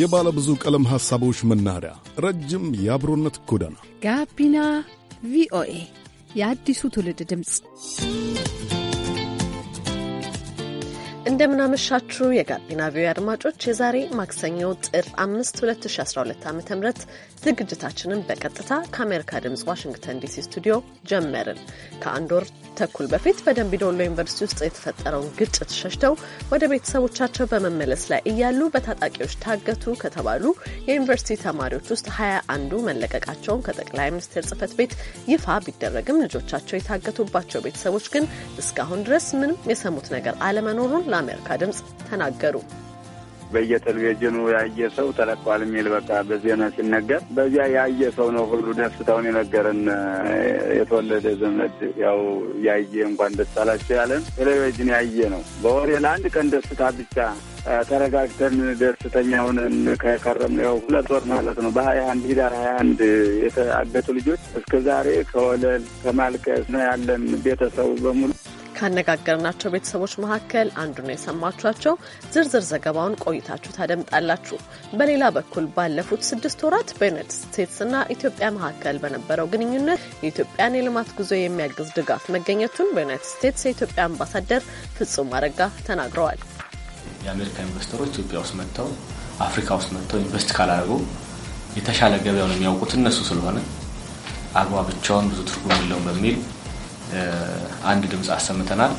የባለ ብዙ ቀለም ሐሳቦች መናኸሪያ፣ ረጅም የአብሮነት ጎዳና ጋቢና ቪኦኤ የአዲሱ ትውልድ ድምፅ። እንደምናመሻችሁ የጋቢና ቪኦኤ አድማጮች፣ የዛሬ ማክሰኞ ጥር 5 2012 ዓ ም ዝግጅታችንን በቀጥታ ከአሜሪካ ድምፅ ዋሽንግተን ዲሲ ስቱዲዮ ጀመርን። ከአንድ ወር ተኩል በፊት በደንቢዶሎ ዩኒቨርሲቲ ውስጥ የተፈጠረውን ግጭት ሸሽተው ወደ ቤተሰቦቻቸው በመመለስ ላይ እያሉ በታጣቂዎች ታገቱ ከተባሉ የዩኒቨርሲቲ ተማሪዎች ውስጥ ሀያ አንዱ መለቀቃቸውን ከጠቅላይ ሚኒስቴር ጽህፈት ቤት ይፋ ቢደረግም ልጆቻቸው የታገቱባቸው ቤተሰቦች ግን እስካሁን ድረስ ምንም የሰሙት ነገር አለመኖሩን ለአሜሪካ ድምጽ ተናገሩ። በየቴሌቪዥኑ ያየ ሰው ተለቋል የሚል በቃ በዜና ሲነገር በዚያ ያየ ሰው ነው ሁሉ ደስታውን የነገረን። የተወለደ ዘመድ ያው ያየ እንኳን ደስ አላቸው ያለን ቴሌቪዥን ያየ ነው። በወሬ ለአንድ ቀን ደስታ ብቻ ተረጋግተን ደስተኛ ሆነን ከከረምን ያው ሁለት ወር ማለት ነው። በሀያ አንድ ሂዳር ሀያ አንድ የተአገቱ ልጆች እስከ ዛሬ ከወለል ከማልቀስ ነው ያለን ቤተሰቡ በሙሉ ካነጋገርናቸው ቤተሰቦች መካከል አንዱ ነው የሰማችኋቸው። ዝርዝር ዘገባውን ቆይታችሁ ታደምጣላችሁ። በሌላ በኩል ባለፉት ስድስት ወራት በዩናይትድ ስቴትስና ኢትዮጵያ መካከል በነበረው ግንኙነት የኢትዮጵያን የልማት ጉዞ የሚያግዝ ድጋፍ መገኘቱን በዩናይትድ ስቴትስ የኢትዮጵያ አምባሳደር ፍጹም አረጋ ተናግረዋል። የአሜሪካ ኢንቨስተሮች ኢትዮጵያ ውስጥ መጥተው አፍሪካ ውስጥ መጥተው ኢንቨስት ካላደረጉ የተሻለ ገበያውን የሚያውቁት እነሱ ስለሆነ አግባብቻውን ብዙ ትርጉም የለውም በሚል አንድ ድምፅ አሰምተናል።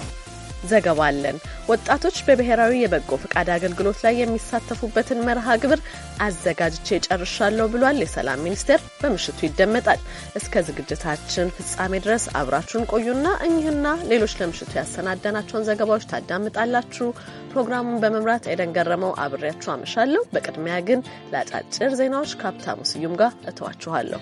ዘገባ አለን። ወጣቶች በብሔራዊ የበጎ ፈቃድ አገልግሎት ላይ የሚሳተፉበትን መርሃ ግብር አዘጋጅቼ ጨርሻለሁ ብሏል የሰላም ሚኒስቴር። በምሽቱ ይደመጣል። እስከ ዝግጅታችን ፍጻሜ ድረስ አብራችሁን ቆዩና እኚህና ሌሎች ለምሽቱ ያሰናዳናቸውን ዘገባዎች ታዳምጣላችሁ። ፕሮግራሙን በመምራት ኤደን ገረመው አብሬያችሁ አመሻለሁ። በቅድሚያ ግን ለአጫጭር ዜናዎች ከሀብታሙ ስዩም ጋር እተዋችኋለሁ።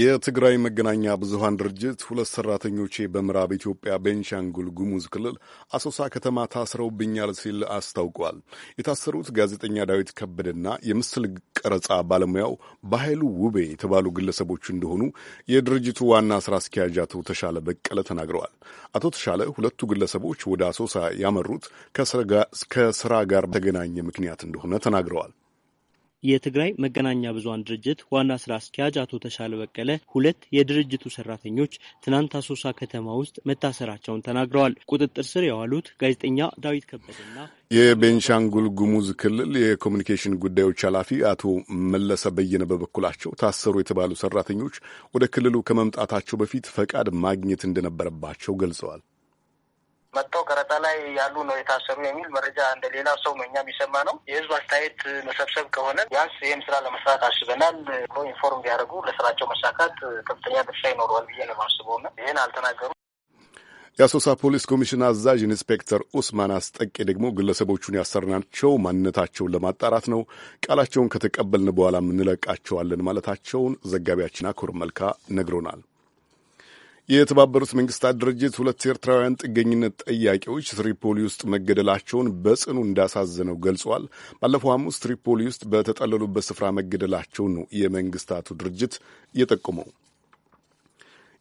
የትግራይ መገናኛ ብዙሃን ድርጅት ሁለት ሰራተኞቼ በምዕራብ ኢትዮጵያ ቤንሻንጉል ጉሙዝ ክልል አሶሳ ከተማ ታስረውብኛል ሲል አስታውቋል። የታሰሩት ጋዜጠኛ ዳዊት ከበደና የምስል ቀረጻ ባለሙያው በኃይሉ ውቤ የተባሉ ግለሰቦች እንደሆኑ የድርጅቱ ዋና ስራ አስኪያጅ አቶ ተሻለ በቀለ ተናግረዋል። አቶ ተሻለ ሁለቱ ግለሰቦች ወደ አሶሳ ያመሩት ከስራ ጋር በተገናኘ ምክንያት እንደሆነ ተናግረዋል። የትግራይ መገናኛ ብዙሃን ድርጅት ዋና ስራ አስኪያጅ አቶ ተሻለ በቀለ ሁለት የድርጅቱ ሰራተኞች ትናንት አሶሳ ከተማ ውስጥ መታሰራቸውን ተናግረዋል። ቁጥጥር ስር የዋሉት ጋዜጠኛ ዳዊት ከበደና የቤንሻንጉል ጉሙዝ ክልል የኮሚኒኬሽን ጉዳዮች ኃላፊ አቶ መለሰ በየነ በበኩላቸው ታሰሩ የተባሉ ሰራተኞች ወደ ክልሉ ከመምጣታቸው በፊት ፈቃድ ማግኘት እንደነበረባቸው ገልጸዋል። መጥተው ያሉ ነው የታሰሩ የሚል መረጃ እንደሌላ ሰው መኛ የሚሰማ ነው። የህዝብ አስተያየት መሰብሰብ ከሆነ ቢያንስ ይህን ስራ ለመስራት አስበናል ብሎ ኢንፎርም ቢያደርጉ ለስራቸው መሳካት ከፍተኛ ድርሻ ይኖረዋል ብዬ ነው የማስበው። እና ይህን አልተናገሩም። የአሶሳ ፖሊስ ኮሚሽን አዛዥ ኢንስፔክተር ኡስማን አስጠቄ ደግሞ ግለሰቦቹን ያሰርናቸው ማንነታቸውን ለማጣራት ነው፣ ቃላቸውን ከተቀበልን በኋላ እንለቃቸዋለን ማለታቸውን ዘጋቢያችን አኩር መልካ ነግሮናል። የተባበሩት መንግስታት ድርጅት ሁለት ኤርትራውያን ጥገኝነት ጠያቂዎች ትሪፖሊ ውስጥ መገደላቸውን በጽኑ እንዳሳዘነው ገልጿል። ባለፈው ሐሙስ ትሪፖሊ ውስጥ በተጠለሉበት ስፍራ መገደላቸውን ነው የመንግስታቱ ድርጅት የጠቁመው።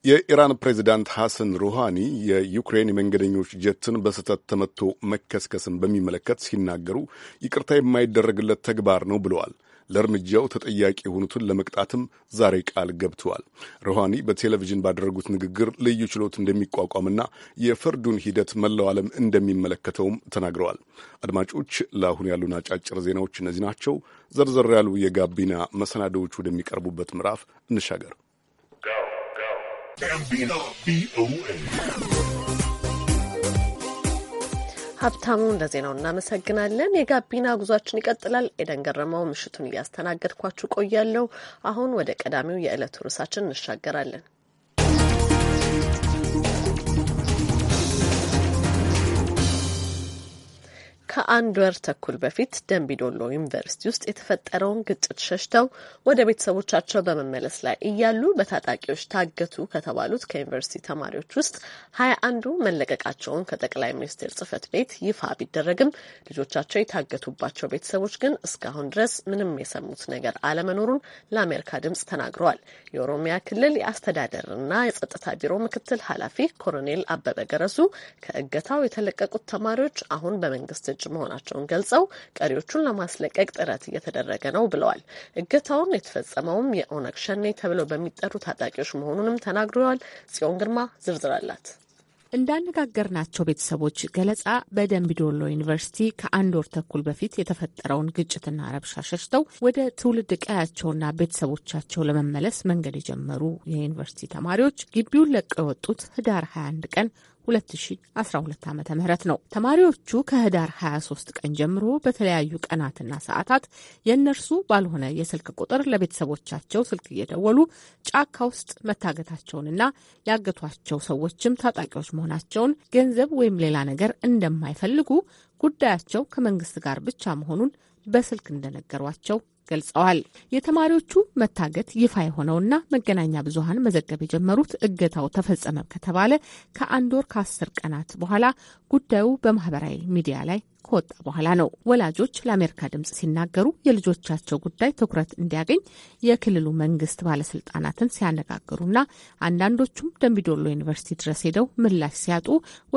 የኢራን ፕሬዚዳንት ሐሰን ሩሃኒ የዩክሬን የመንገደኞች ጀትን በስህተት ተመቶ መከስከስን በሚመለከት ሲናገሩ ይቅርታ የማይደረግለት ተግባር ነው ብለዋል። ለእርምጃው ተጠያቂ የሆኑትን ለመቅጣትም ዛሬ ቃል ገብተዋል። ሩሃኒ በቴሌቪዥን ባደረጉት ንግግር ልዩ ችሎት እንደሚቋቋምና የፍርዱን ሂደት መላው ዓለም እንደሚመለከተውም ተናግረዋል። አድማጮች፣ ለአሁን ያሉን አጫጭር ዜናዎች እነዚህ ናቸው። ዘርዘር ያሉ የጋቢና መሰናዶዎች ወደሚቀርቡበት ምዕራፍ እንሻገር። ሀብታሙ ለዜናው እናመሰግናለን። የጋቢና ጉዟችን ይቀጥላል። ኤደን ገረመው ምሽቱን እያስተናገድኳችሁ ቆያለሁ። አሁን ወደ ቀዳሚው የዕለቱ ርዕሳችን እንሻገራለን። ከአንድ ወር ተኩል በፊት ደንቢዶሎ ዩኒቨርሲቲ ውስጥ የተፈጠረውን ግጭት ሸሽተው ወደ ቤተሰቦቻቸው በመመለስ ላይ እያሉ በታጣቂዎች ታገቱ ከተባሉት ከዩኒቨርሲቲ ተማሪዎች ውስጥ ሀያ አንዱ መለቀቃቸውን ከጠቅላይ ሚኒስቴር ጽህፈት ቤት ይፋ ቢደረግም ልጆቻቸው የታገቱባቸው ቤተሰቦች ግን እስካሁን ድረስ ምንም የሰሙት ነገር አለመኖሩን ለአሜሪካ ድምጽ ተናግረዋል። የኦሮሚያ ክልል የአስተዳደርና የጸጥታ ቢሮ ምክትል ኃላፊ ኮሎኔል አበበ ገረሱ ከእገታው የተለቀቁት ተማሪዎች አሁን በመንግስት እጅ መሆናቸውን ገልጸው ቀሪዎቹን ለማስለቀቅ ጥረት እየተደረገ ነው ብለዋል። እገታውን የተፈጸመውም የኦነግ ሸኔ ተብለው በሚጠሩ ታጣቂዎች መሆኑንም ተናግረዋል። ጽዮን ግርማ ዝርዝር አላት። እንዳነጋገርናቸው ቤተሰቦች ገለጻ በደንቢዶሎ ዩኒቨርሲቲ ከአንድ ወር ተኩል በፊት የተፈጠረውን ግጭትና ረብሻ ሸሽተው ወደ ትውልድ ቀያቸውና ቤተሰቦቻቸው ለመመለስ መንገድ የጀመሩ የዩኒቨርሲቲ ተማሪዎች ግቢውን ለቀው የወጡት ህዳር 21 ቀን 2012 ዓ ም ነው። ተማሪዎቹ ከህዳር 23 ቀን ጀምሮ በተለያዩ ቀናትና ሰዓታት የእነርሱ ባልሆነ የስልክ ቁጥር ለቤተሰቦቻቸው ስልክ እየደወሉ ጫካ ውስጥ መታገታቸውንና ያገቷቸው ሰዎችም ታጣቂዎች መሆናቸውን፣ ገንዘብ ወይም ሌላ ነገር እንደማይፈልጉ፣ ጉዳያቸው ከመንግስት ጋር ብቻ መሆኑን በስልክ እንደነገሯቸው ገልጸዋል። የተማሪዎቹ መታገት ይፋ የሆነውና መገናኛ ብዙኃን መዘገብ የጀመሩት እገታው ተፈጸመ ከተባለ ከአንድ ወር ከአስር ቀናት በኋላ ጉዳዩ በማህበራዊ ሚዲያ ላይ ከወጣ በኋላ ነው። ወላጆች ለአሜሪካ ድምጽ ሲናገሩ የልጆቻቸው ጉዳይ ትኩረት እንዲያገኝ የክልሉ መንግስት ባለስልጣናትን ሲያነጋግሩና አንዳንዶቹም ደንቢዶሎ ዩኒቨርሲቲ ድረስ ሄደው ምላሽ ሲያጡ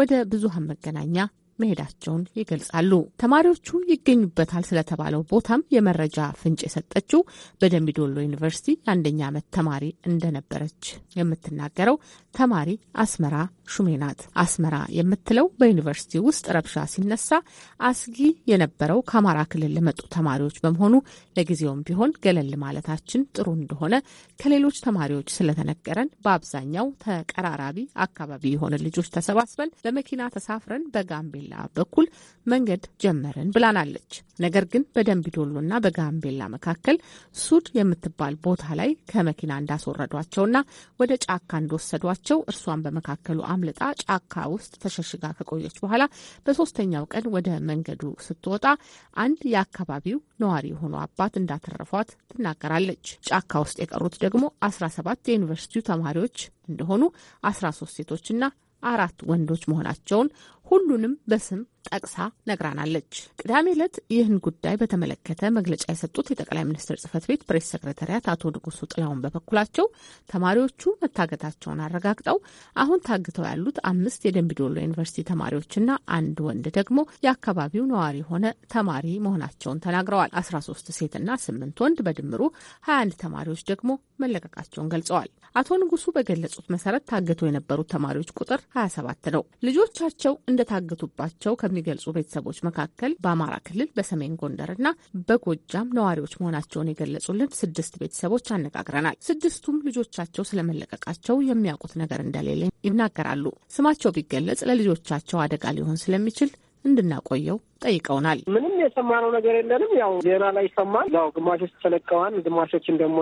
ወደ ብዙሀን መገናኛ መሄዳቸውን ይገልጻሉ። ተማሪዎቹ ይገኙበታል ስለተባለው ቦታም የመረጃ ፍንጭ የሰጠችው በደምቢዶሎ ዩኒቨርሲቲ የአንደኛ ዓመት ተማሪ እንደነበረች የምትናገረው ተማሪ አስመራ ሹሜ ናት። አስመራ የምትለው በዩኒቨርሲቲ ውስጥ ረብሻ ሲነሳ አስጊ የነበረው ከአማራ ክልል ለመጡ ተማሪዎች በመሆኑ ለጊዜውም ቢሆን ገለል ማለታችን ጥሩ እንደሆነ ከሌሎች ተማሪዎች ስለተነገረን በአብዛኛው ተቀራራቢ አካባቢ የሆነ ልጆች ተሰባስበን በመኪና ተሳፍረን በጋምቤላ በኩል መንገድ ጀመርን ብላናለች። ነገር ግን በደንቢዶሎና በጋምቤላ መካከል ሱድ የምትባል ቦታ ላይ ከመኪና እንዳስወረዷቸውና ወደ ጫካ እንደወሰዷቸው እርሷን በመካከሉ አምልጣ ጫካ ውስጥ ተሸሽጋ ከቆየች በኋላ በሶስተኛው ቀን ወደ መንገዱ ስትወጣ አንድ የአካባቢው ነዋሪ የሆኑ አባት እንዳተረፏት ትናገራለች። ጫካ ውስጥ የቀሩት ደግሞ 1ሰባት የዩኒቨርሲቲው ተማሪዎች እንደሆኑ 1ሶስት ሴቶችና አራት ወንዶች መሆናቸውን ሁሉንም በስም ጠቅሳ ነግራናለች። ቅዳሜ ዕለት ይህን ጉዳይ በተመለከተ መግለጫ የሰጡት የጠቅላይ ሚኒስትር ጽህፈት ቤት ፕሬስ ሰክረታሪያት አቶ ንጉሱ ጥላውን በበኩላቸው ተማሪዎቹ መታገታቸውን አረጋግጠው አሁን ታግተው ያሉት አምስት የደንቢዶሎ ዩኒቨርሲቲ ተማሪዎችና አንድ ወንድ ደግሞ የአካባቢው ነዋሪ የሆነ ተማሪ መሆናቸውን ተናግረዋል። አስራ ሶስት ሴትና ስምንት ወንድ በድምሩ ሀያ አንድ ተማሪዎች ደግሞ መለቀቃቸውን ገልጸዋል። አቶ ንጉሱ በገለጹት መሰረት ታግተው የነበሩት ተማሪዎች ቁጥር ሀያ ሰባት ነው። ልጆቻቸው እንደታገቱባቸው ከሚገልጹ ቤተሰቦች መካከል በአማራ ክልል በሰሜን ጎንደር እና በጎጃም ነዋሪዎች መሆናቸውን የገለጹልን ስድስት ቤተሰቦች አነጋግረናል። ስድስቱም ልጆቻቸው ስለመለቀቃቸው የሚያውቁት ነገር እንደሌለ ይናገራሉ። ስማቸው ቢገለጽ ለልጆቻቸው አደጋ ሊሆን ስለሚችል እንድናቆየው ጠይቀውናል። ምንም የሰማነው ነገር የለንም። ያው ዜና ላይ ሰማን። ያው ግማሾች ተለቀዋን ግማሾችን ደግሞ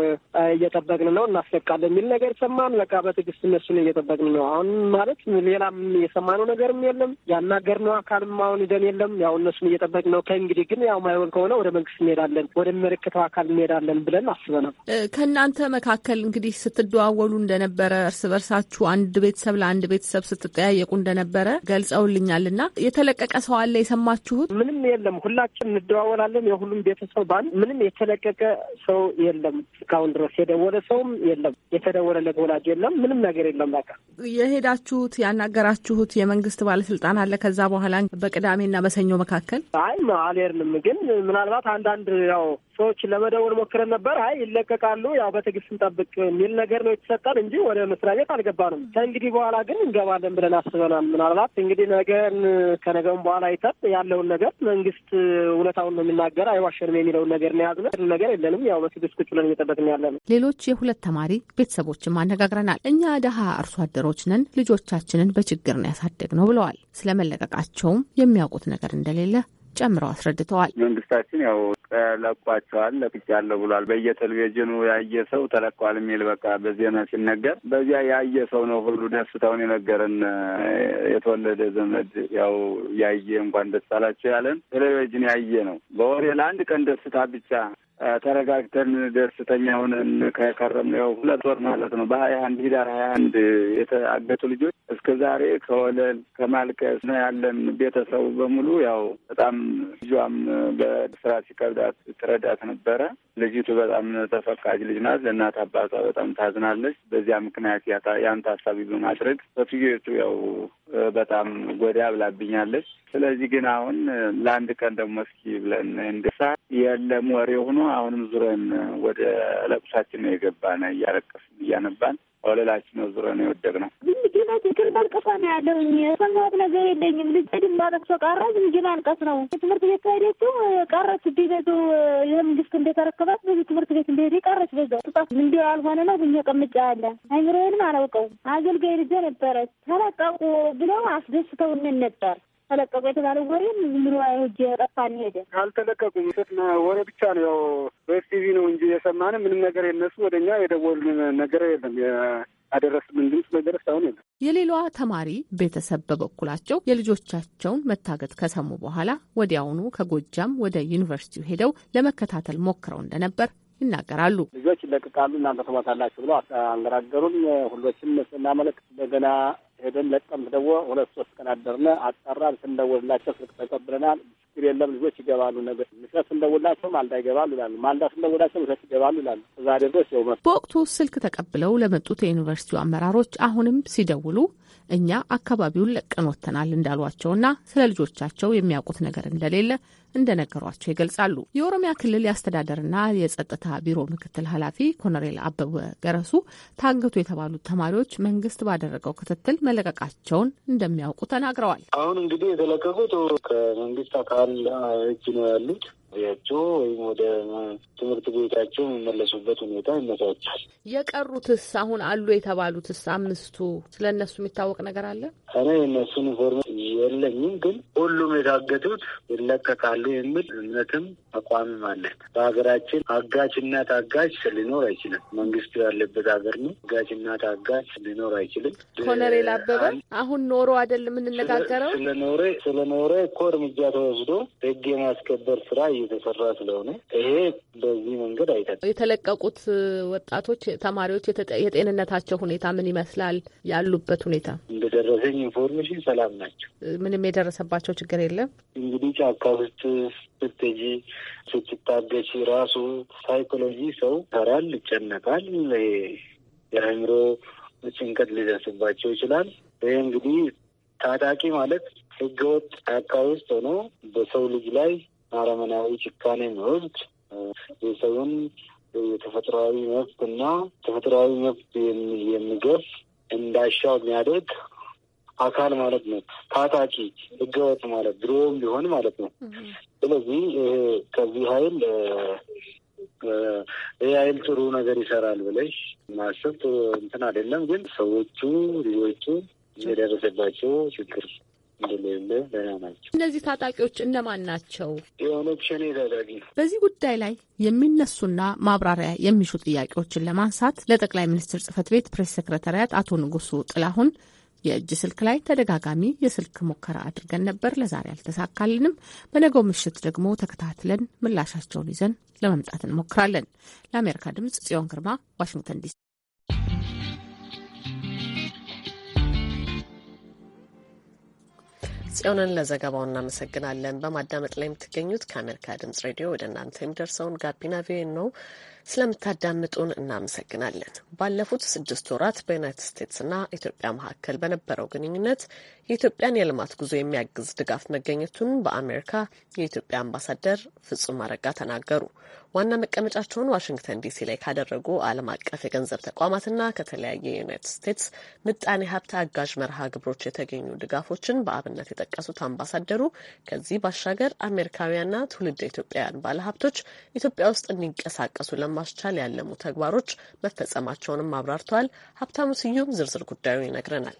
እየጠበቅን ነው እናስለቃለን የሚል ነገር ሰማን። በቃ በትዕግስት እነሱን እየጠበቅን ነው። አሁን ማለት ሌላም የሰማነው ነገርም የለም። ያናገርነው አካልም አሁን ሂደን የለም። ያው እነሱን እየጠበቅን ነው። ከእንግዲህ ግን ያው ማይሆን ከሆነ ወደ መንግስት እንሄዳለን፣ ወደሚመለከተው አካል እንሄዳለን ብለን አስበናል። ከእናንተ መካከል እንግዲህ ስትደዋወሉ እንደነበረ እርስ በርሳችሁ አንድ ቤተሰብ ለአንድ ቤተሰብ ስትጠያየቁ እንደነበረ ገልጸውልኛል እና የተለቀቀ ሰው አለ የሰማችሁት? ምንም የለም። ሁላችን እንደዋወላለን። የሁሉም ቤተሰብ ባል ምንም የተለቀቀ ሰው የለም። እስካሁን ድረስ የደወለ ሰውም የለም። የተደወለለት ወላጅ የለም። ምንም ነገር የለም። በቃ የሄዳችሁት ያናገራችሁት የመንግስት ባለስልጣን አለ? ከዛ በኋላ በቅዳሜና በሰኞ መካከል አይ አልሄድንም፣ ግን ምናልባት አንዳንድ ያው ሰዎች ለመደወል ሞክረን ነበር። አይ ይለቀቃሉ፣ ያው በትዕግስት እንጠብቅ የሚል ነገር ነው የተሰጠን እንጂ ወደ መስሪያ ቤት አልገባንም። ከእንግዲህ በኋላ ግን እንገባለን ብለን አስበናል። ምናልባት እንግዲህ ነገን ከነገም በኋላ በኋላ አይተን ያለውን ነገር መንግስት እውነታውን ነው የሚናገር አይዋሸንም የሚለውን ነገር ነው ያዝነው። ነገር የለንም ያው በስድስት ቁጭ ብለን እየጠበቅን ያለ ነው። ሌሎች የሁለት ተማሪ ቤተሰቦችም አነጋግረናል። እኛ ደሀ አርሶ አደሮች ነን፣ ልጆቻችንን በችግር ነው ያሳደግ ነው ብለዋል። ስለመለቀቃቸውም የሚያውቁት ነገር እንደሌለ ጨምረው አስረድተዋል። መንግስታችን ያው ተለቋቸዋል ለቅቄያለሁ ብሏል። በየቴሌቪዥኑ ያየ ሰው ተለቋል የሚል በቃ በዜና ሲነገር በዚያ ያየ ሰው ነው ሁሉ ደስታውን የነገረን የተወለደ ዘመድ ያው ያየ እንኳን ደስ አላቸው ያለን ቴሌቪዥን ያየ ነው። በወሬ ለአንድ ቀን ደስታ ብቻ ተረጋግተን ደስተኛ ሆነን ከከረም ያው ሁለት ወር ማለት ነው። በሀያ አንድ ህዳር ሀያ አንድ የተአገቱ ልጆች እስከ ዛሬ ከወለል ከማልቀስ ነው ያለን። ቤተሰቡ በሙሉ ያው በጣም ልጇም በስራ ሲከብዳት ትረዳት ነበረ። ልጅቱ በጣም ተፈቃጅ ልጅ ናት። ለእናት አባቷ በጣም ታዝናለች። በዚያ ምክንያት ያን ታሳቢ በማድረግ በፊዮቱ ያው በጣም ጎዳ ብላብኛለች። ስለዚህ ግን አሁን ለአንድ ቀን ደግሞ እስኪ ብለን እንድሳ የለም ወሬ ሆኖ አሁንም ዙረን ወደ ለቁሳችን ነው የገባን እያለቀስን እያነባን ወለላችን ነው ዙረን የወደቅነው። ዝምጅና ትክል ማልቀሷ ነው ያለው የሰማት ነገር የለኝም። ልጅ ድም ማለት ሰው ቀረ ዝምጅ ማልቀስ ነው። ትምህርት ቤት ከሄደችው ቀረች። ቤቱ የመንግስት እንደተረከባት ብዙ ትምህርት ቤት እንደሄደ ቀረች። በዛው ጥጣት እንዲ ያልሆነ ነው ብኛ ቀምጫ ያለ አይምሮዬንም አላውቀውም። አገልጋይ ልጄ ነበረች ተለቀቁ ብለው አስደስተውንን ነበር ተለቀቁ የተባለ ወሬ ዝም ብሎ እጅ ጠፋን ሄደ። አልተለቀቁም። ስት ወሬ ብቻ ነው ያው በኤፍቲቪ ነው እንጂ የሰማን ምንም ነገር የነሱ ወደ እኛ የደወሉን ነገር የለም ያደረስብን ድምፅ ነገር እስካሁን የለም። የሌሏ ተማሪ ቤተሰብ በበኩላቸው የልጆቻቸውን መታገት ከሰሙ በኋላ ወዲያውኑ ከጎጃም ወደ ዩኒቨርሲቲው ሄደው ለመከታተል ሞክረው እንደነበር ይናገራሉ። ልጆች ይለቅቃሉ እናንተ ትሞታላችሁ ብለው አንገራገሩን። ሁሎችም ስናመለክት እንደገና ሄደን ለቀም ደግሞ ሁለት ሶስት ቀን አደርነ። አጣራን። ስንደውልላቸው ስልክ ተቀብለናል። ችግር የለም ልጆች ይገባሉ። ነገር ምሸት ስንደውልላቸው ማልዳ ይገባሉ ይላሉ። ማልዳ ስንደውላቸው ምሸት ይገባሉ ይላሉ። እዛ ድረስ በወቅቱ ስልክ ተቀብለው ለመጡት የዩኒቨርሲቲው አመራሮች አሁንም ሲደውሉ እኛ አካባቢውን ለቀን ወጥተናል እንዳሏቸውና ስለ ልጆቻቸው የሚያውቁት ነገር እንደሌለ እንደነገሯቸው ይገልጻሉ። የኦሮሚያ ክልል የአስተዳደርና የጸጥታ ቢሮ ምክትል ኃላፊ ኮሎኔል አበበ ገረሱ ታገቱ የተባሉት ተማሪዎች መንግስት ባደረገው ክትትል መለቀቃቸውን እንደሚያውቁ ተናግረዋል። አሁን እንግዲህ የተለቀቁት ከመንግስት አካል እጅ ነው ያሉት ያቸው ወይም ወደ ትምህርት ቤታቸው የሚመለሱበት ሁኔታ ይመቻቻል። የቀሩትስ አሁን አሉ የተባሉትስ አምስቱ ስለ እነሱ የሚታወቅ ነገር አለ? እኔ የእነሱ ኢንፎርሜሽን የለኝም፣ ግን ሁሉም የታገቱት ይለቀቃሉ የሚል እምነትም አቋምም አለን። በሀገራችን አጋችና ታጋች ሊኖር አይችልም። መንግስቱ ያለበት ሀገር ነው። አጋችና ታጋች ሊኖር አይችልም። ኮሎኔል አበበ አሁን ኖሮ አይደል የምንነጋገረው? ስለኖረ ስለኖረ እኮ እርምጃ ተወስዶ ህግ የማስከበር ስራ እየተሰራ ስለሆነ ይሄ በዚህ መንገድ አይተ የተለቀቁት ወጣቶች ተማሪዎች የጤንነታቸው ሁኔታ ምን ይመስላል? ያሉበት ሁኔታ እንደደረሰኝ ኢንፎርሜሽን ሰላም ናቸው። ምንም የደረሰባቸው ችግር የለም። እንግዲህ ጫካ ውስጥ ስትጂ ስትታገሽ ራሱ ሳይኮሎጂ ሰው ይሰራል ይጨነቃል፣ የአእምሮ ጭንቀት ሊደርስባቸው ይችላል። ይህ እንግዲህ ታጣቂ ማለት ህገወጥ ጫካ ውስጥ ሆኖ በሰው ልጅ ላይ አረመናዊ ጭካኔ መብት የሰውን የተፈጥሯዊ መብት እና ተፈጥሯዊ መብት የሚገፍ እንዳሻው የሚያደርግ አካል ማለት ነው። ታጣቂ ህገወጥ ማለት ድሮም ቢሆን ማለት ነው። ስለዚህ ከዚህ ኃይል ይህ ሀይል ጥሩ ነገር ይሰራል ብለሽ ማሰብ እንትን አይደለም። ግን ሰዎቹ ልጆቹ የደረሰባቸው ችግር እንደሌለ ደህና ናቸው። እነዚህ ታጣቂዎች እነማን ናቸው? የኦነግ ሸኔ ታጣቂ። በዚህ ጉዳይ ላይ የሚነሱና ማብራሪያ የሚሹ ጥያቄዎችን ለማንሳት ለጠቅላይ ሚኒስትር ጽህፈት ቤት ፕሬስ ሴክረታሪያት አቶ ንጉሱ ጥላሁን የእጅ ስልክ ላይ ተደጋጋሚ የስልክ ሙከራ አድርገን ነበር። ለዛሬ አልተሳካልንም። በነገው ምሽት ደግሞ ተከታትለን ምላሻቸውን ይዘን ለመምጣት እንሞክራለን። ለአሜሪካ ድምጽ ጽዮን ግርማ ዋሽንግተን ዲሲ። ጽዮንን ለዘገባው እናመሰግናለን። በማዳመጥ ላይ የምትገኙት ከአሜሪካ ድምጽ ሬዲዮ ወደ እናንተ የሚደርሰውን ጋቢና ቪኦኤ ነው። ስለምታዳምጡን እናመሰግናለን። ባለፉት ስድስት ወራት በዩናይትድ ስቴትስና ኢትዮጵያ መካከል በነበረው ግንኙነት የኢትዮጵያን የልማት ጉዞ የሚያግዝ ድጋፍ መገኘቱን በአሜሪካ የኢትዮጵያ አምባሳደር ፍጹም አረጋ ተናገሩ። ዋና መቀመጫቸውን ዋሽንግተን ዲሲ ላይ ካደረጉ ዓለም አቀፍ የገንዘብ ተቋማትና ከተለያየ የዩናይትድ ስቴትስ ምጣኔ ሀብት አጋዥ መርሃ ግብሮች የተገኙ ድጋፎችን በአብነት የጠቀሱት አምባሳደሩ ከዚህ ባሻገር አሜሪካውያንና ትውልድ ኢትዮጵያውያን ባለሀብቶች ኢትዮጵያ ውስጥ እንዲንቀሳቀሱ ለማስቻል ያለሙ ተግባሮች መፈጸማቸውንም አብራርተዋል። ሀብታሙ ስዩም ዝርዝር ጉዳዩን ይነግረናል።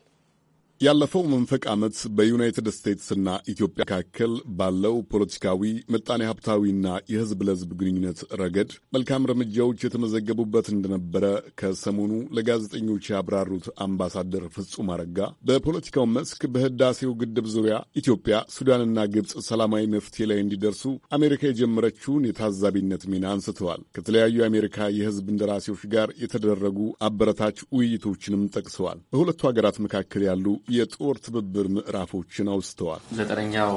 ያለፈው መንፈቅ ዓመት በዩናይትድ ስቴትስና ኢትዮጵያ መካከል ባለው ፖለቲካዊ ምጣኔ ሀብታዊና የህዝብ ለህዝብ ግንኙነት ረገድ መልካም እርምጃዎች የተመዘገቡበት እንደነበረ ከሰሞኑ ለጋዜጠኞች ያብራሩት አምባሳደር ፍጹም አረጋ በፖለቲካው መስክ በህዳሴው ግድብ ዙሪያ ኢትዮጵያ፣ ሱዳንና ግብፅ ሰላማዊ መፍትሄ ላይ እንዲደርሱ አሜሪካ የጀመረችውን የታዛቢነት ሚና አንስተዋል። ከተለያዩ የአሜሪካ የሕዝብ እንደራሴዎች ጋር የተደረጉ አበረታች ውይይቶችንም ጠቅሰዋል። በሁለቱ ሀገራት መካከል ያሉ የጦር ትብብር ምዕራፎችን አውስተዋል። ዘጠነኛው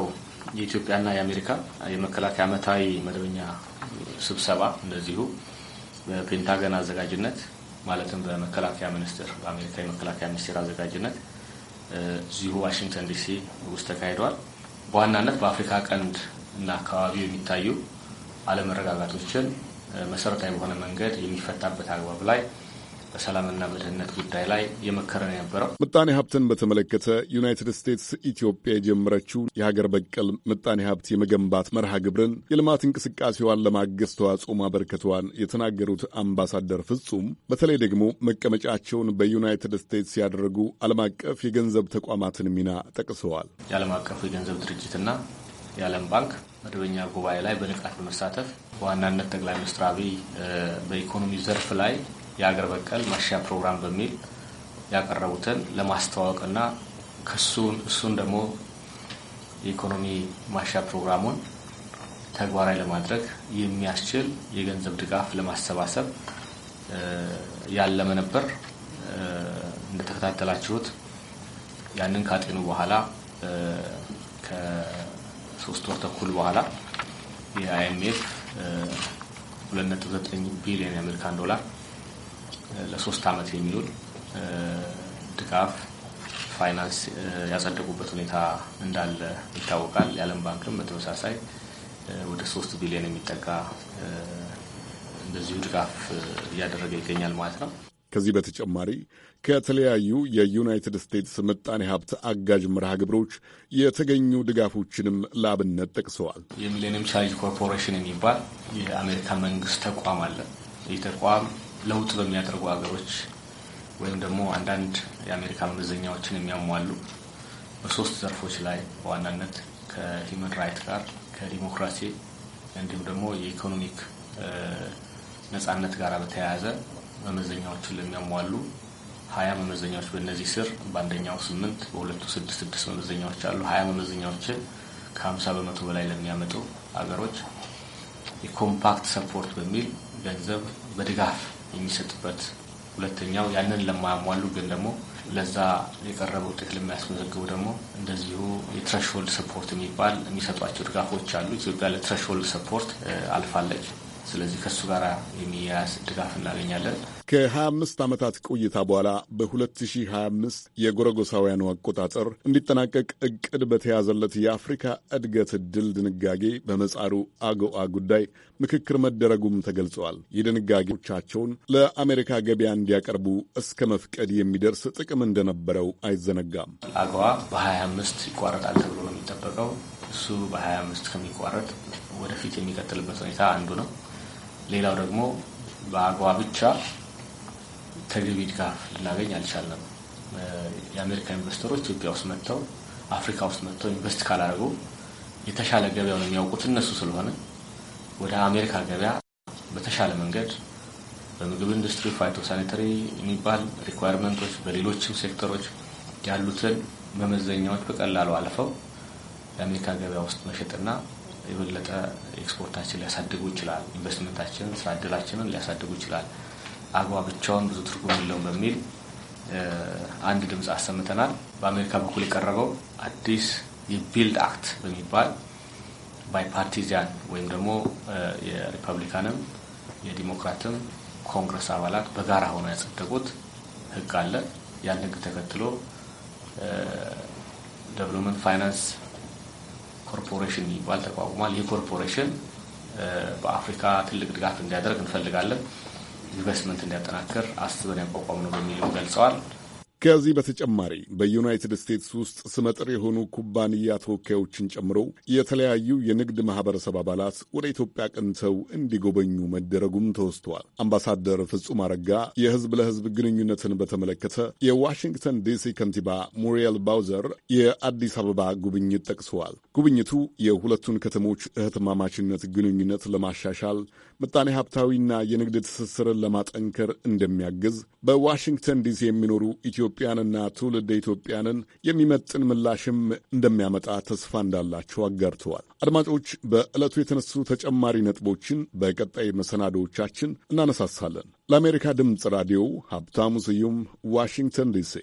የኢትዮጵያና የአሜሪካ የመከላከያ ዓመታዊ መደበኛ ስብሰባ እንደዚሁ በፔንታገን አዘጋጅነት ማለትም በመከላከያ ሚኒስቴር በአሜሪካ የመከላከያ ሚኒስቴር አዘጋጅነት እዚሁ ዋሽንግተን ዲሲ ውስጥ ተካሂደዋል። በዋናነት በአፍሪካ ቀንድ እና አካባቢው የሚታዩ አለመረጋጋቶችን መሰረታዊ በሆነ መንገድ የሚፈታበት አግባብ ላይ በሰላምና በደህንነት ጉዳይ ላይ የመከረ ነው የነበረው። ምጣኔ ሀብትን በተመለከተ ዩናይትድ ስቴትስ ኢትዮጵያ የጀመረችው የሀገር በቀል ምጣኔ ሀብት የመገንባት መርሃ ግብርን የልማት እንቅስቃሴዋን ለማገዝ ተዋጽኦ ማበርከቷን የተናገሩት አምባሳደር ፍጹም በተለይ ደግሞ መቀመጫቸውን በዩናይትድ ስቴትስ ያደረጉ ዓለም አቀፍ የገንዘብ ተቋማትን ሚና ጠቅሰዋል። የዓለም አቀፉ የገንዘብ ድርጅትና የዓለም ባንክ መደበኛ ጉባኤ ላይ በንቃት በመሳተፍ በዋናነት ጠቅላይ ሚኒስትር አብይ በኢኮኖሚ ዘርፍ ላይ የሀገር በቀል ማሻ ፕሮግራም በሚል ያቀረቡትን ለማስተዋወቅና ክሱን እሱን ደግሞ የኢኮኖሚ ማሻ ፕሮግራሙን ተግባራዊ ለማድረግ የሚያስችል የገንዘብ ድጋፍ ለማሰባሰብ ያለመ ነበር። እንደተከታተላችሁት ያንን ካጤኑ በኋላ ከሶስት ወር ተኩል በኋላ የአይኤምኤፍ 2.9 ቢሊዮን የአሜሪካን ዶላር ለሶስት ዓመት የሚውል ድጋፍ ፋይናንስ ያጸደቁበት ሁኔታ እንዳለ ይታወቃል። የዓለም ባንክም በተመሳሳይ ወደ ሶስት ቢሊዮን የሚጠጋ እንደዚሁ ድጋፍ እያደረገ ይገኛል ማለት ነው። ከዚህ በተጨማሪ ከተለያዩ የዩናይትድ ስቴትስ ምጣኔ ሀብት አጋዥ መርሃ ግብሮች የተገኙ ድጋፎችንም ለአብነት ጠቅሰዋል። የሚሌኒየም ቻሌንጅ ኮርፖሬሽን የሚባል የአሜሪካ መንግስት ተቋም አለ። ይህ ተቋም ለውጥ በሚያደርጉ ሀገሮች ወይም ደግሞ አንዳንድ የአሜሪካ መመዘኛዎችን የሚያሟሉ በሶስት ዘርፎች ላይ በዋናነት ከሂመን ራይት ጋር ከዲሞክራሲ እንዲሁም ደግሞ የኢኮኖሚክ ነጻነት ጋር በተያያዘ መመዘኛዎችን ለሚያሟሉ ሀያ መመዘኛዎች በእነዚህ ስር በአንደኛው ስምንት በሁለቱ ስድስት ስድስት መመዘኛዎች አሉ። ሀያ መመዘኛዎችን ከሀምሳ በመቶ በላይ ለሚያመጡ ሀገሮች የኮምፓክት ሰፖርት በሚል ገንዘብ በድጋፍ የሚሰጥበት ሁለተኛው ያንን ለማያሟሉ ግን ደግሞ ለዛ የቀረበ ውጤት ለሚያስመዘግቡ ደግሞ እንደዚሁ የትረሽሆልድ ሰፖርት የሚባል የሚሰጧቸው ድጋፎች አሉ። ኢትዮጵያ ለትረሽሆልድ ሰፖርት አልፋለች። ስለዚህ ከእሱ ጋር የሚያያዝ ድጋፍ እናገኛለን። ከ25 ዓመታት ቆይታ በኋላ በ2025 የጎረጎሳውያኑ አቆጣጠር እንዲጠናቀቅ እቅድ በተያዘለት የአፍሪካ እድገት እድል ድንጋጌ በመጻሩ አገዋ ጉዳይ ምክክር መደረጉም ተገልጸዋል። ይህ ድንጋጌዎቻቸውን ለአሜሪካ ገበያ እንዲያቀርቡ እስከ መፍቀድ የሚደርስ ጥቅም እንደነበረው አይዘነጋም። አገዋ በ25 ይቋረጣል ተብሎ ነው የሚጠበቀው። እሱ በ25 ከሚቋረጥ ወደፊት የሚቀጥልበት ሁኔታ አንዱ ነው። ሌላው ደግሞ በአግባ ብቻ ተገቢ ድጋፍ ልናገኝ አልቻለም። የአሜሪካ ኢንቨስተሮች ኢትዮጵያ ውስጥ መጥተው አፍሪካ ውስጥ መጥተው ኢንቨስት ካላደረጉ የተሻለ ገበያውን የሚያውቁት እነሱ ስለሆነ ወደ አሜሪካ ገበያ በተሻለ መንገድ በምግብ ኢንዱስትሪ ፋይቶሳኒተሪ የሚባል ሪኳየርመንቶች፣ በሌሎችም ሴክተሮች ያሉትን መመዘኛዎች በቀላሉ አልፈው የአሜሪካ ገበያ ውስጥ መሸጥና የበለጠ ኤክስፖርታችን ሊያሳድጉ ይችላል። ኢንቨስትመንታችንን፣ ስራ እድላችንን ሊያሳድጉ ይችላል። አግባ ብቻውን ብዙ ትርጉም የለውም በሚል አንድ ድምፅ አሰምተናል። በአሜሪካ በኩል የቀረበው አዲስ የቢልድ አክት በሚባል ባይፓርቲዚያን ወይም ደግሞ የሪፐብሊካንም የዲሞክራትም ኮንግረስ አባላት በጋራ ሆነው ያጸደቁት ህግ አለ። ያን ህግ ተከትሎ ዴቨሎፕመንት ፋይናንስ ኮርፖሬሽን የሚባል ተቋቁሟል። ይህ ኮርፖሬሽን በአፍሪካ ትልቅ ድጋፍ እንዲያደርግ እንፈልጋለን። ኢንቨስትመንት እንዲያጠናክር አስበን ያቋቋም ነው በሚልም ገልጸዋል። ከዚህ በተጨማሪ በዩናይትድ ስቴትስ ውስጥ ስመጥር የሆኑ ኩባንያ ተወካዮችን ጨምሮ የተለያዩ የንግድ ማህበረሰብ አባላት ወደ ኢትዮጵያ ቀንተው እንዲጎበኙ መደረጉም ተወስተዋል። አምባሳደር ፍጹም አረጋ የህዝብ ለህዝብ ግንኙነትን በተመለከተ የዋሽንግተን ዲሲ ከንቲባ ሙሪየል ባውዘር የአዲስ አበባ ጉብኝት ጠቅሰዋል። ጉብኝቱ የሁለቱን ከተሞች እህትማማችነት ግንኙነት ለማሻሻል ምጣኔ ሀብታዊና የንግድ ትስስርን ለማጠንከር እንደሚያግዝ በዋሽንግተን ዲሲ የሚኖሩ ኢትዮጵያንና ትውልደ ኢትዮጵያንን የሚመጥን ምላሽም እንደሚያመጣ ተስፋ እንዳላቸው አጋርተዋል። አድማጮች፣ በዕለቱ የተነሱ ተጨማሪ ነጥቦችን በቀጣይ መሰናዶዎቻችን እናነሳሳለን። ለአሜሪካ ድምፅ ራዲዮ ሀብታሙ ስዩም ዋሽንግተን ዲሲ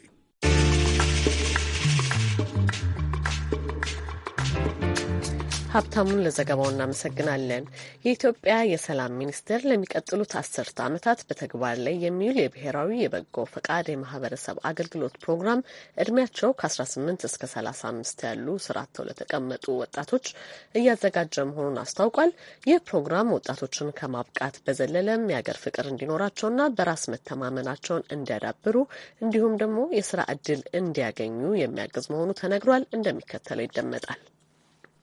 ሀብታሙን ለዘገባው እናመሰግናለን። የኢትዮጵያ የሰላም ሚኒስቴር ለሚቀጥሉት አስርተ ዓመታት በተግባር ላይ የሚውል የብሔራዊ የበጎ ፈቃድ የማህበረሰብ አገልግሎት ፕሮግራም እድሜያቸው ከ18 እስከ 35 ያሉ ስራ አጥተው ለተቀመጡ ወጣቶች እያዘጋጀ መሆኑን አስታውቋል። ይህ ፕሮግራም ወጣቶችን ከማብቃት በዘለለም የአገር ፍቅር እንዲኖራቸውና በራስ መተማመናቸውን እንዲያዳብሩ እንዲሁም ደግሞ የስራ እድል እንዲያገኙ የሚያግዝ መሆኑ ተነግሯል። እንደሚከተለው ይደመጣል።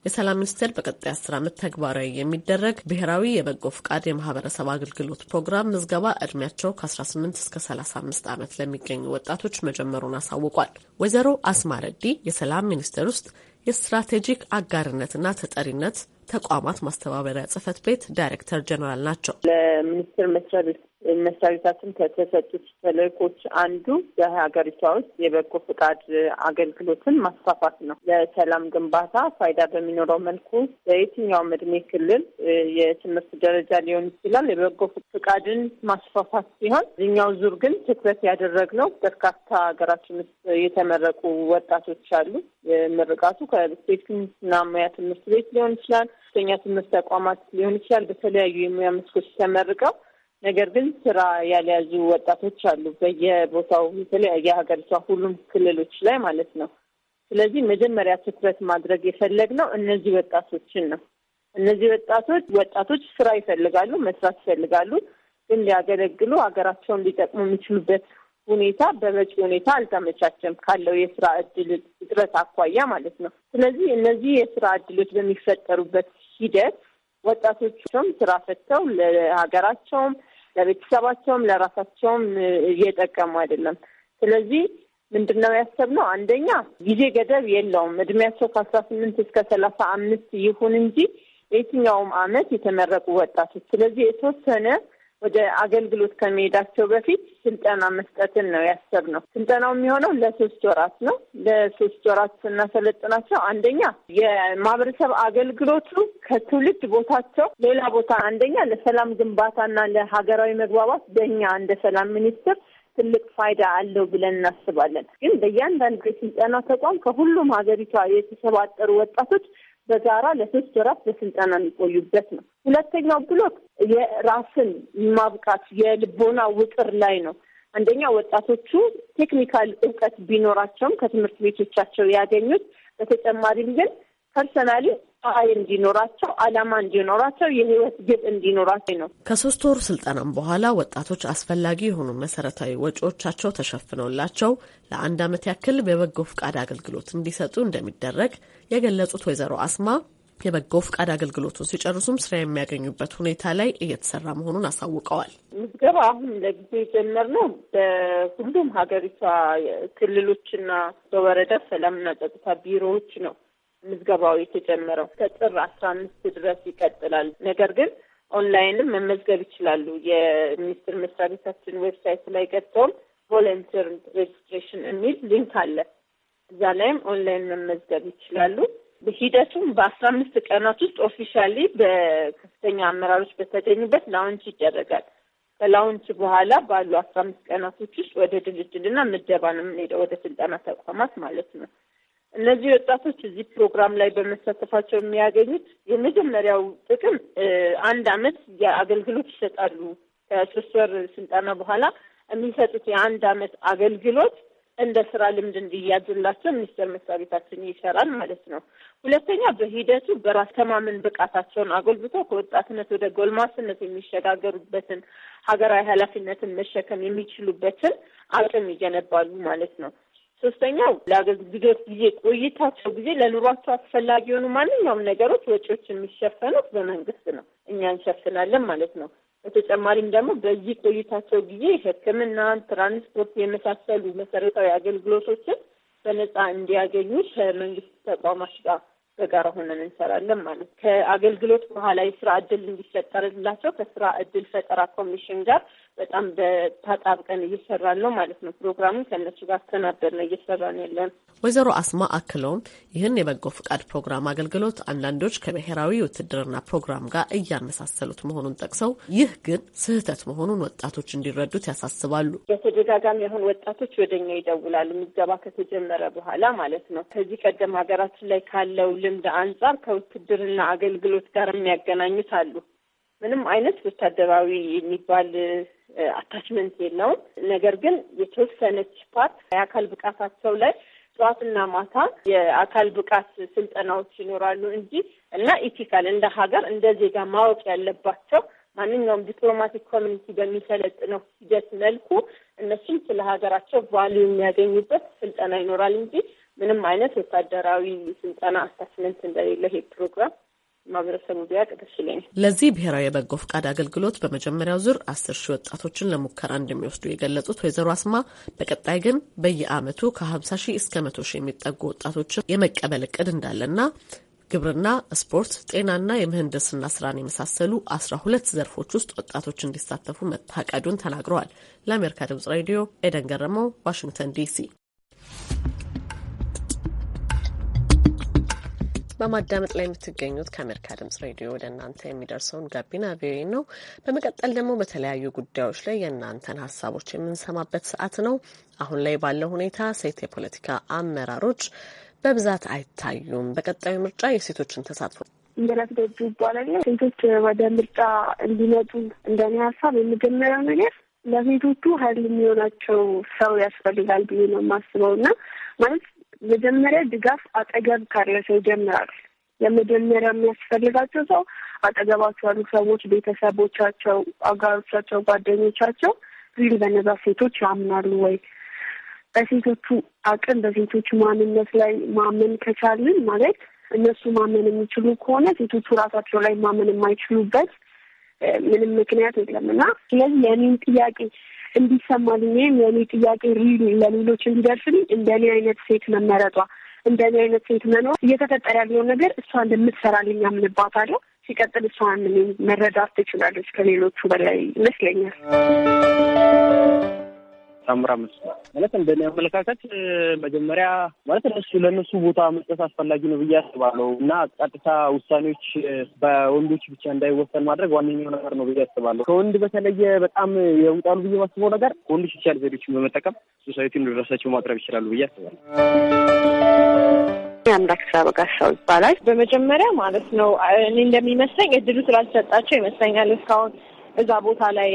የሰላም ሚኒስቴር በቀጣይ አስር ዓመት ተግባራዊ የሚደረግ ብሔራዊ የበጎ ፍቃድ የማህበረሰብ አገልግሎት ፕሮግራም ምዝገባ ዕድሜያቸው ከ18 እስከ 35 ዓመት ለሚገኙ ወጣቶች መጀመሩን አሳውቋል። ወይዘሮ አስማረዲ የሰላም ሚኒስቴር ውስጥ የስትራቴጂክ አጋርነትና ተጠሪነት ተቋማት ማስተባበሪያ ጽህፈት ቤት ዳይሬክተር ጀነራል ናቸው። ለሚኒስቴር መስሪያ ቤት መስሪያ ቤታችን ከተሰጡት ተልእኮች አንዱ በሀገሪቷ ውስጥ የበጎ ፈቃድ አገልግሎትን ማስፋፋት ነው። ለሰላም ግንባታ ፋይዳ በሚኖረው መልኩ በየትኛውም እድሜ ክልል፣ የትምህርት ደረጃ ሊሆን ይችላል የበጎ ፈቃድን ማስፋፋት ሲሆን እዚኛው ዙር ግን ትኩረት ያደረግነው በርካታ ሀገራችን ውስጥ የተመረቁ ወጣቶች አሉ። ምርቃቱ ከቴክኒክና ሙያ ትምህርት ቤት ሊሆን ይችላል፣ ከፍተኛ ትምህርት ተቋማት ሊሆን ይችላል። በተለያዩ የሙያ መስኮች ተመርቀው ነገር ግን ስራ ያልያዙ ወጣቶች አሉ በየቦታው የተለያየ የሀገሪቷ ሁሉም ክልሎች ላይ ማለት ነው። ስለዚህ መጀመሪያ ትኩረት ማድረግ የፈለግነው እነዚህ ወጣቶችን ነው። እነዚህ ወጣቶች ወጣቶች ስራ ይፈልጋሉ፣ መስራት ይፈልጋሉ። ግን ሊያገለግሉ ሀገራቸውን ሊጠቅሙ የሚችሉበት ሁኔታ በበቂ ሁኔታ አልተመቻቸም ካለው የስራ እድል እጥረት አኳያ ማለት ነው። ስለዚህ እነዚህ የስራ እድሎች በሚፈጠሩበት ሂደት ወጣቶቹም ስራ ፈጥተው ለሀገራቸውም ለቤተሰባቸውም ለራሳቸውም እየጠቀሙ አይደለም። ስለዚህ ምንድን ነው ያሰብነው? አንደኛ ጊዜ ገደብ የለውም። እድሜያቸው ከአስራ ስምንት እስከ ሰላሳ አምስት ይሁን እንጂ የትኛውም አመት የተመረቁ ወጣቶች። ስለዚህ የተወሰነ ወደ አገልግሎት ከመሄዳቸው በፊት ስልጠና መስጠትን ነው ያሰብነው። ስልጠናው የሚሆነው ለሶስት ወራት ነው። ለሶስት ወራት ስናሰለጥናቸው አንደኛ የማህበረሰብ አገልግሎቱ ከትውልድ ቦታቸው ሌላ ቦታ አንደኛ ለሰላም ግንባታና ለሀገራዊ መግባባት በእኛ እንደ ሰላም ሚኒስትር ትልቅ ፋይዳ አለው ብለን እናስባለን። ግን በእያንዳንዱ የስልጠና ተቋም ከሁሉም ሀገሪቷ የተሰባጠሩ ወጣቶች በጋራ ለሶስት ወራት በስልጠና የሚቆዩበት ነው። ሁለተኛው ብሎክ የራስን ማብቃት የልቦና ውቅር ላይ ነው። አንደኛ ወጣቶቹ ቴክኒካል እውቀት ቢኖራቸውም ከትምህርት ቤቶቻቸው ያገኙት፣ በተጨማሪም ግን ፐርሰናሊ ራዕይ እንዲኖራቸው፣ አላማ እንዲኖራቸው፣ የህይወት ግብ እንዲኖራቸው ነው። ከሶስት ወር ስልጠናም በኋላ ወጣቶች አስፈላጊ የሆኑ መሰረታዊ ወጪዎቻቸው ተሸፍነውላቸው ለአንድ አመት ያክል በበጎ ፍቃድ አገልግሎት እንዲሰጡ እንደሚደረግ የገለጹት ወይዘሮ አስማ የበጎ ፍቃድ አገልግሎቱን ሲጨርሱም ስራ የሚያገኙበት ሁኔታ ላይ እየተሰራ መሆኑን አሳውቀዋል። ምዝገባ አሁን ለጊዜ ነው። በሁሉም ሀገሪቷ ክልሎችና በወረዳ ሰላምና ጸጥታ ቢሮዎች ነው። ምዝገባው የተጀመረው ከጥር አስራ አምስት ድረስ ይቀጥላል። ነገር ግን ኦንላይንም መመዝገብ ይችላሉ። የሚኒስቴር መስሪያ ቤታችን ዌብሳይት ላይ ገብተውም ቮለንቲር ሬጅስትሬሽን የሚል ሊንክ አለ። እዛ ላይም ኦንላይን መመዝገብ ይችላሉ። ሂደቱም በአስራ አምስት ቀናት ውስጥ ኦፊሻሊ በከፍተኛ አመራሮች በተገኙበት ላውንች ይደረጋል። ከላውንች በኋላ ባሉ አስራ አምስት ቀናቶች ውስጥ ወደ ድልድልና ምደባ ነው የምንሄደው፣ ወደ ስልጠና ተቋማት ማለት ነው። እነዚህ ወጣቶች እዚህ ፕሮግራም ላይ በመሳተፋቸው የሚያገኙት የመጀመሪያው ጥቅም አንድ አመት የአገልግሎት ይሰጣሉ። ከሶስት ወር ስልጠና በኋላ የሚሰጡት የአንድ አመት አገልግሎት እንደ ስራ ልምድ እንዲያዝላቸው ሚኒስቴር መስሪያ ቤታችን ይሰራል ማለት ነው። ሁለተኛ በሂደቱ በራስ ተማምን ብቃታቸውን አጎልብቶ ከወጣትነት ወደ ጎልማስነት የሚሸጋገሩበትን ሀገራዊ ኃላፊነትን መሸከም የሚችሉበትን አቅም ይገነባሉ ማለት ነው። ሶስተኛው ለአገልግሎት ጊዜ ቆይታቸው ጊዜ ለኑሯቸው አስፈላጊ የሆኑ ማንኛውም ነገሮች ወጪዎች የሚሸፈኑት በመንግስት ነው፣ እኛ እንሸፍናለን ማለት ነው። በተጨማሪም ደግሞ በዚህ ቆይታቸው ጊዜ ሕክምናን፣ ትራንስፖርት የመሳሰሉ መሰረታዊ አገልግሎቶችን በነጻ እንዲያገኙ ከመንግስት ተቋማት ጋር በጋራ ሆነን እንሰራለን ማለት ከአገልግሎት በኋላ የስራ እድል እንዲፈጠርላቸው ከስራ እድል ፈጠራ ኮሚሽን ጋር በጣም በታጣብቀን እየሰራን ነው ማለት ነው። ፕሮግራሙን ከእነሱ ጋር አስተናበድ ነው እየሰራን ያለን። ወይዘሮ አስማ አክለውም ይህን የበጎ ፍቃድ ፕሮግራም አገልግሎት አንዳንዶች ከብሔራዊ ውትድርና ፕሮግራም ጋር እያመሳሰሉት መሆኑን ጠቅሰው ይህ ግን ስህተት መሆኑን ወጣቶች እንዲረዱት ያሳስባሉ። በተደጋጋሚ አሁን ወጣቶች ወደኛ ይደውላሉ፣ ምዝገባ ከተጀመረ በኋላ ማለት ነው። ከዚህ ቀደም ሀገራችን ላይ ካለው ልምድ አንጻር ከውትድርና አገልግሎት ጋር የሚያገናኙት አሉ። ምንም አይነት ወታደራዊ የሚባል አታችመንት የለውም። ነገር ግን የተወሰነች ፓርት የአካል ብቃታቸው ላይ ጠዋትና ማታ የአካል ብቃት ስልጠናዎች ይኖራሉ እንጂ እና ኢቲካል እንደ ሀገር እንደ ዜጋ ማወቅ ያለባቸው ማንኛውም ዲፕሎማቲክ ኮሚኒቲ በሚሰለጥነው ሂደት መልኩ እነሱም ስለ ሀገራቸው ቫሉ የሚያገኙበት ስልጠና ይኖራል እንጂ ምንም አይነት ወታደራዊ ስልጠና አታችመንት እንደሌለ ይሄ ፕሮግራም ማህበረሰቡ ቢያውቅ ደስ ይለኛል። ለዚህ ብሔራዊ የበጎ ፈቃድ አገልግሎት በመጀመሪያው ዙር አስር ሺህ ወጣቶችን ለሙከራ እንደሚወስዱ የገለጹት ወይዘሮ አስማ በቀጣይ ግን በየአመቱ ከሀምሳ ሺህ እስከ መቶ ሺህ የሚጠጉ ወጣቶችን የመቀበል እቅድ እንዳለና ግብርና፣ ስፖርት፣ ጤናና የምህንድስና ስራን የመሳሰሉ አስራ ሁለት ዘርፎች ውስጥ ወጣቶች እንዲሳተፉ መታቀዱን ተናግረዋል። ለአሜሪካ ድምጽ ሬዲዮ ኤደን ገረመው፣ ዋሽንግተን ዲሲ በማዳመጥ ላይ የምትገኙት ከአሜሪካ ድምጽ ሬዲዮ ወደ እናንተ የሚደርሰውን ጋቢና ቪኦኤ ነው። በመቀጠል ደግሞ በተለያዩ ጉዳዮች ላይ የእናንተን ሀሳቦች የምንሰማበት ሰዓት ነው። አሁን ላይ ባለው ሁኔታ ሴት የፖለቲካ አመራሮች በብዛት አይታዩም። በቀጣዩ ምርጫ የሴቶችን ተሳትፎ ደጁ ይባላል። ሴቶች ወደ ምርጫ እንዲመጡ እንደኔ ሀሳብ የመጀመሪያው ነገር ለሴቶቹ ሀይል የሚሆናቸው ሰው ያስፈልጋል ብዬ ነው የማስበው እና ማለት መጀመሪያ ድጋፍ አጠገብ ካለ ሰው ይጀምራል። ለመጀመሪያ የሚያስፈልጋቸው ሰው አጠገባቸው ያሉ ሰዎች፣ ቤተሰቦቻቸው፣ አጋሮቻቸው፣ ጓደኞቻቸው ግን በነዛ ሴቶች ያምናሉ ወይ? በሴቶቹ አቅም በሴቶቹ ማንነት ላይ ማመን ከቻልን ማለት እነሱ ማመን የሚችሉ ከሆነ ሴቶቹ ራሳቸው ላይ ማመን የማይችሉበት ምንም ምክንያት የለም እና ስለዚህ የኔን ጥያቄ እንዲሰማልኝ ወይም የኔ ጥያቄ ሪል ለሌሎች እንዲደርስልኝ እንደኔ አይነት ሴት መመረጧ እንደኔ አይነት ሴት መኖር እየተፈጠረ ያለውን ነገር እሷ እንደምትሰራልኝ አምንባታለሁ። ሲቀጥል እሷን መረዳት ትችላለች ከሌሎቹ በላይ ይመስለኛል። ታምራ መስሎ ማለት እንደኔ አመለካከት መጀመሪያ ማለት እነሱ ለእነሱ ቦታ መስጠት አስፈላጊ ነው ብዬ አስባለሁ እና ቀጥታ ውሳኔዎች በወንዶች ብቻ እንዳይወሰን ማድረግ ዋነኛው ነገር ነው ብዬ አስባለሁ። ከወንድ በተለየ በጣም የውጣሉ ብዬ ማስበው ነገር ከወንዶች ሶሻል ዘዴዎችን በመጠቀም ሶሳይቲ ደረሳቸው ማቅረብ ይችላሉ ብዬ አስባለሁ። አምላክ ስራ በጋሻው ይባላል። በመጀመሪያ ማለት ነው እኔ እንደሚመስለኝ እድሉ ስላልተሰጣቸው ይመስለኛል እስካሁን እዛ ቦታ ላይ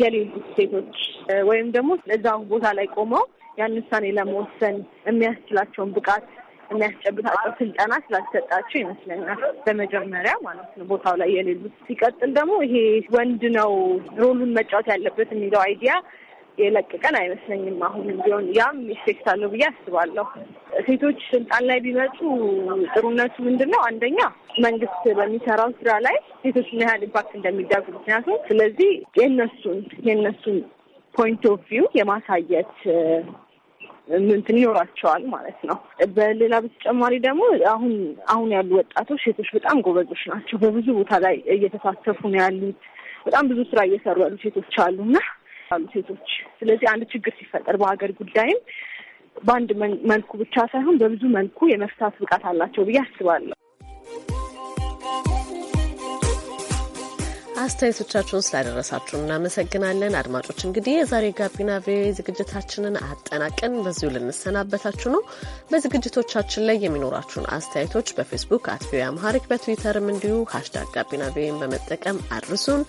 የሌሉት ሴቶች ወይም ደግሞ እዛ ቦታ ላይ ቆመው ያን ውሳኔ ለመወሰን የሚያስችላቸውን ብቃት የሚያስጨብጣቸው ስልጠና ስላልሰጣቸው ይመስለኛል። በመጀመሪያ ማለት ነው ቦታው ላይ የሌሉት። ሲቀጥል ደግሞ ይሄ ወንድ ነው ሮሉን መጫወት ያለበት የሚለው አይዲያ የለቀቀን አይመስለኝም። አሁንም ቢሆን ያም ኢፌክት አለው ብዬ አስባለሁ። ሴቶች ስልጣን ላይ ቢመጡ ጥሩነቱ ምንድን ነው? አንደኛ መንግስት በሚሰራው ስራ ላይ ሴቶች ምን ያህል ኢምፓክት እንደሚደርጉ ምክንያቱም ስለዚህ የነሱን የነሱን ፖይንት ኦፍ ቪው የማሳየት እንትን ይኖራቸዋል ማለት ነው። በሌላ በተጨማሪ ደግሞ አሁን አሁን ያሉ ወጣቶች ሴቶች በጣም ጎበዞች ናቸው። በብዙ ቦታ ላይ እየተሳተፉ ነው ያሉት። በጣም ብዙ ስራ እየሰሩ ያሉ ሴቶች አሉ እና ሴቶች። ስለዚህ አንድ ችግር ሲፈጠር በሀገር ጉዳይም በአንድ መልኩ ብቻ ሳይሆን በብዙ መልኩ የመፍታት ብቃት አላቸው ብዬ አስባለሁ። አስተያየቶቻችሁን ስላደረሳችሁ እናመሰግናለን። አድማጮች እንግዲህ የዛሬ ጋቢና ቪኦኤ ዝግጅታችንን አጠናቀን በዚሁ ልንሰናበታችሁ ነው። በዝግጅቶቻችን ላይ የሚኖራችሁን አስተያየቶች በፌስቡክ አት ቪኦኤ አምሃሪክ በትዊተርም እንዲሁ ሀሽታግ ጋቢና ቪኦኤን በመጠቀም አድርሱን።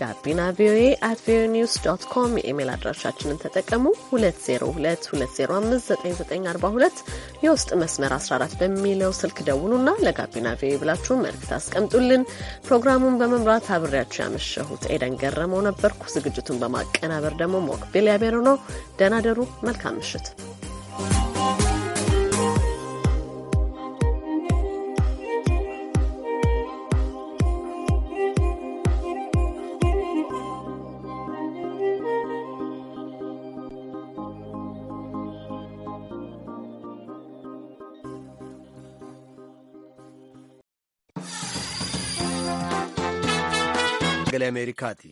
ጋቢና ቪኦኤ አት ቪኦኤ ኒውስ ዶት ኮም የኢሜል አድራሻችንን ተጠቀሙ። 2022059942 የውስጥ መስመር 14 በሚለው ስልክ ደውሉና ለጋቢና ቪኦኤ ብላችሁ መልእክት አስቀምጡልን። ፕሮግራሙን በመምራት አብሬያችሁ አብሬያችሁ ያመሸሁት ኤደን ገረመው ነበርኩ። ዝግጅቱን በማቀናበር ደግሞ ሞክቢል ያቤሮ ነው። ደህና ደሩ። መልካም ምሽት። Amerikati.